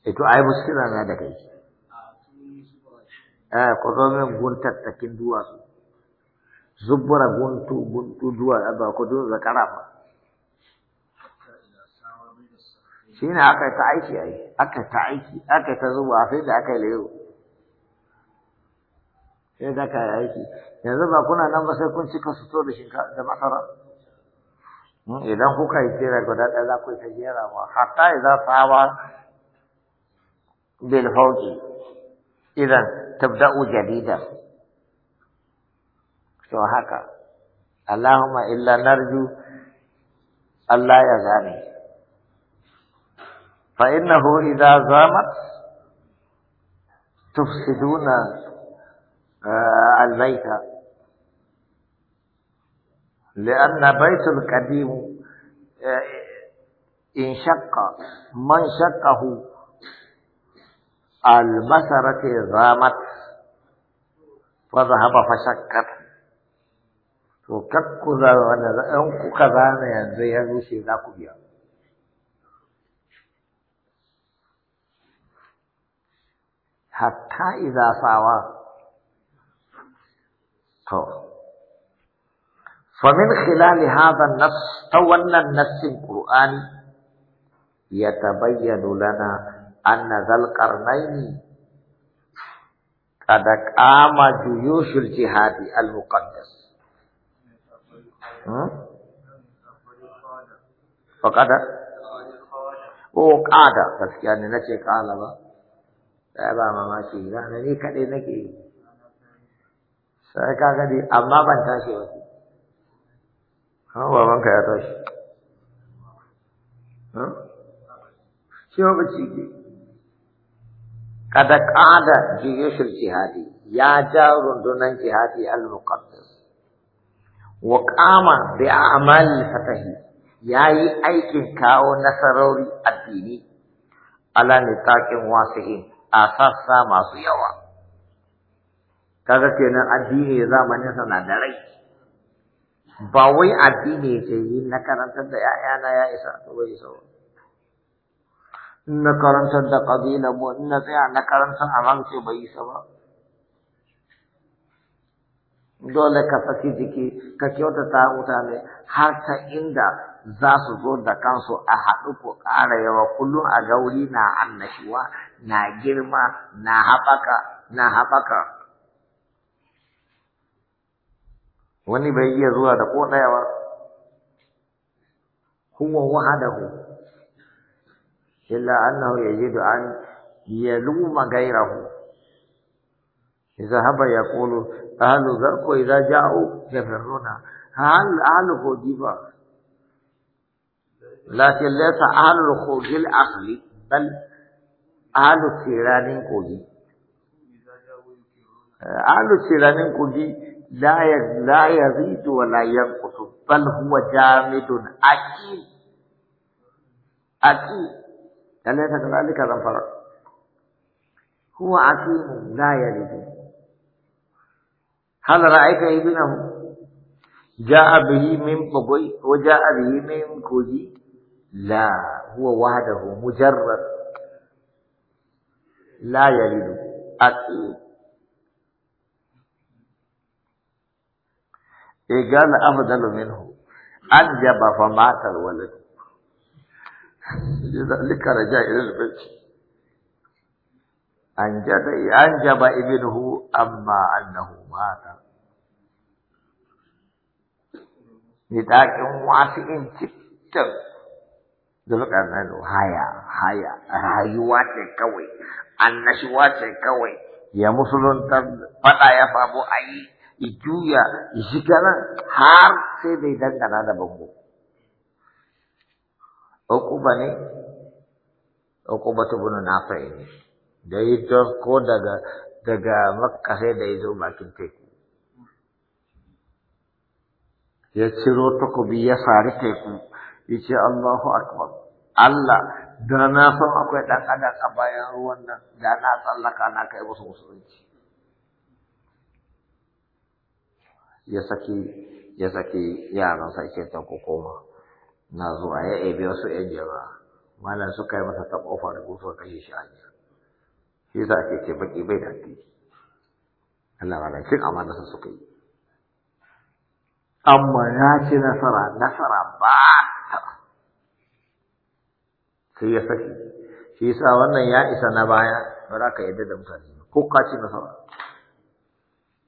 Ito eh, ai muskila na da kai. Eh, ku zo min guntattakin duwatsu. Zubbura guntu guntu duwatsu ba ku zo zakara ba. Shi ne aka ta aiki ai, aka ta aiki, aka ta zuba sai da aka yi lero. Sai da aka yi aiki. Yanzu ba kuna nan ba sai kun cika su to da masara. Hmm? idan kuka yi tsira guda ɗaya za ku yi ta jerawa hatta idan sawa bil fauki idan tabda'u jadida to haka Allahumma illa narju Allah ya zane, fa innahu idza zama tufsiduna eh, al-baita لأن بيت القديم انشق من شقه البصرة رامت فذهب فشكت to kakkuza wanda in kuka zana yanzu ya rushe za ku biya hatta idza sawa to فمن خلال هذا النص أو أن النص القرآني يتبين لنا أن ذا القرنين قد قام جيوش الجهاد المقدس فقد قاد بس يعني نتي قال ba mamaki ranar ni kaɗai nake sai hawa babanka ya tashi shi ma bacci ke kada kada jihadi ya ja rundunan jihadi al-muqaddas wa qama bi a'mal fatahi yayi aikin kawo nasarori addini ala takin wasihin asassa masu yawa kaga kenan addini zamanin sana da rai ba wai addini ce yi na karantar da ‘ya'yana ya isa to bai isa ba, na karantar da ƙabila mu na tsaya na karantar a ce bai isa ba dole ka saki jiki ka kyautata mutane har ta inda za su zo da kansu a haɗu ko ƙara yawa kullum a gauri na annashuwa na girma na haɓaka na haɓaka wani bai iya zuwa da ko ɗaya ba kuma wahadahu illa annahu yajidu an yaluma ghairahu izahaba yaqulu ahlu zarqo idza ja'u yafirruna hal ahlu khujiba lakin laysa ahlu khujil ahli bal ahlu siranin khuji eh, ahlu siranin khuji لا لا يزيد ولا ينقص بل هو جامد أكيد أكيد أليس كذلك ظفر هو عكيم لا يلد هل رأيت ابنه جاء به من بغي وجاء به من كوجي لا هو وحده مجرد لا يلد أكيد ke eh, gana afdalu minhu ajaba fa ma tar walad ji da an jada mata ni ta kin in cikta da ka do haya haya ayu wace kawai annashi wace kawai ya musulun ta fada ya babu ayi ya juya ya har sai bai dangana da bango. Ukuba ne, ukuba ta bunu na ne, da yi ko daga daga sai da ya zo bakin teku. Ya ciro takobi ya sari teku, ya ce Allahu Akbar, Allah da na san akwai ɗan adam a bayan ruwan nan da na tsallaka na kai wasu musulunci. ya saki ya saki yaransa ake ta ku koma na zuwa ya ebe wasu yan jama'a malam suka yi masa ta kofa da gusa kashe shi a jira shi za ake ce baki bai da addini Allah malam cin amanarsa suka yi amma ya ci nasara nasara ba sai ya saki shi sa wannan ya isa na baya ba za ka yadda da mutane ko ka ci nasara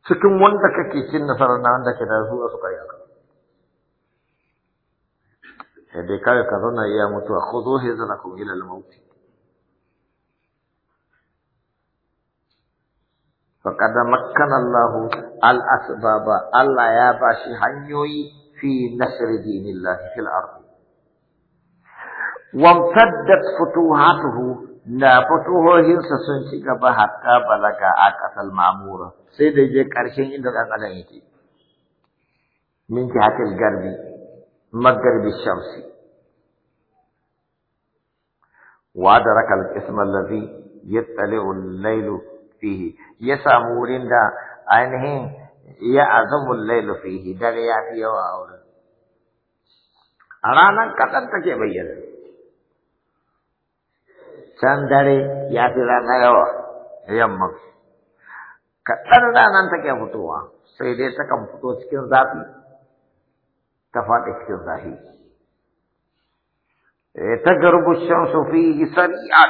cikin wanda kake cin nasara na wanda ke da su a suka yaka sai dai kawai ka zauna iya mutuwa ko zo he zana kun ila al-mauti faqad makkana Allah al-asbaba Allah ya ba shi hanyoyi fi nasr dinillahi fil ardh wa وامتدت futuhatuhu da fatuhohinsa sun ci gaba hatta balaga a ƙasar mamura sai da je ƙarshen inda a yake min jihatil garbi magarbi shamsi wa da raka ismar lafi ya tsale ulailu fihi ya samu wurin da ainihin ya azamun lailu fihi dare ya fi yawa a wurin a ranar kaɗan take bayyana can dare ya fi rana yawa yamma kaɗan ranar take fitowa sai dai takan fito cikin zafi ta faɗi cikin zafi eh, ta garbu shamsu fihi sari'a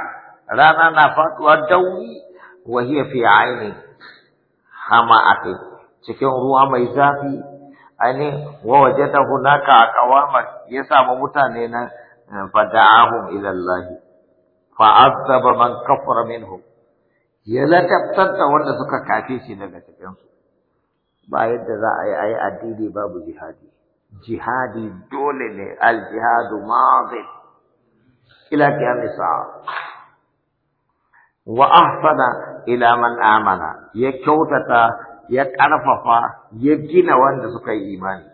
rana na faɗuwa dauri wa hiya fi aini hama hama'ati cikin ruwa mai zafi aini wa waje ta hunaka aqwaman ya samu mutane na eh, fada'ahum ilallahi. fa'azzaba man kafara minhu ya ladabtar da wanda suka kafe shi daga cikin su ba yadda za a yi ayi addini babu jihadi jihadi dole ne al jihadu madin ila qiyam sa'a wa ahsana ila man amana ya kyautata ya karfafa ya gina wanda suka yi imani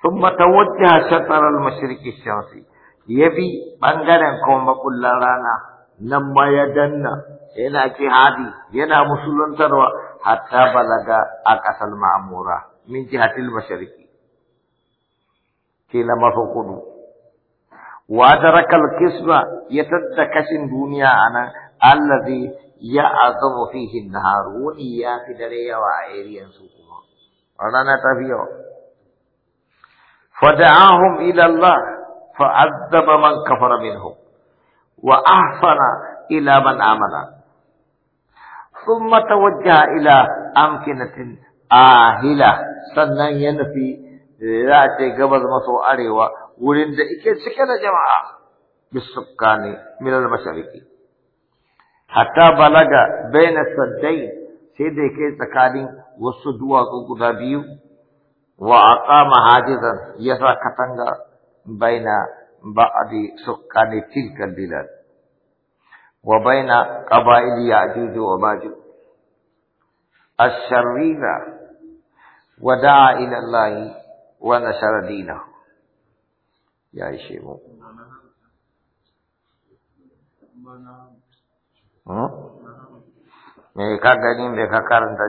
ثم توجه شطر المشرق الشمسي ya bi ɓangaren kuma makullan rana nan ma ya danna yana jihadi yana musuluntarwa hatta balaga a ƙasar ma'amura min jihatil mashariki na mafi kudu wa darakal kisma ya tadda kashin duniya anan allazi ya azamu fihi nahar wani ya fi dare yawa a area su kuma rana ta fi yawa fada'ahum ila Allah فعذب من كفر منهم وأحسن إلى من آمن ثم توجه إلى أمكنة آهلة سنة ينفي ذات قبض مصر أريوة ولند إكل سكنة جماعة بالسكان من المشارك حتى بلغ بين السدين سيدي كي تكالين وصدوا كوكو وأقام حاجزا يسرى كتنجر بين بعض سكان تلك البلاد وبين قبائل يأجوج وماجوج الشريرة ودعا إلى الله ونشر دينه يا شيخ me ka gani me ka karanta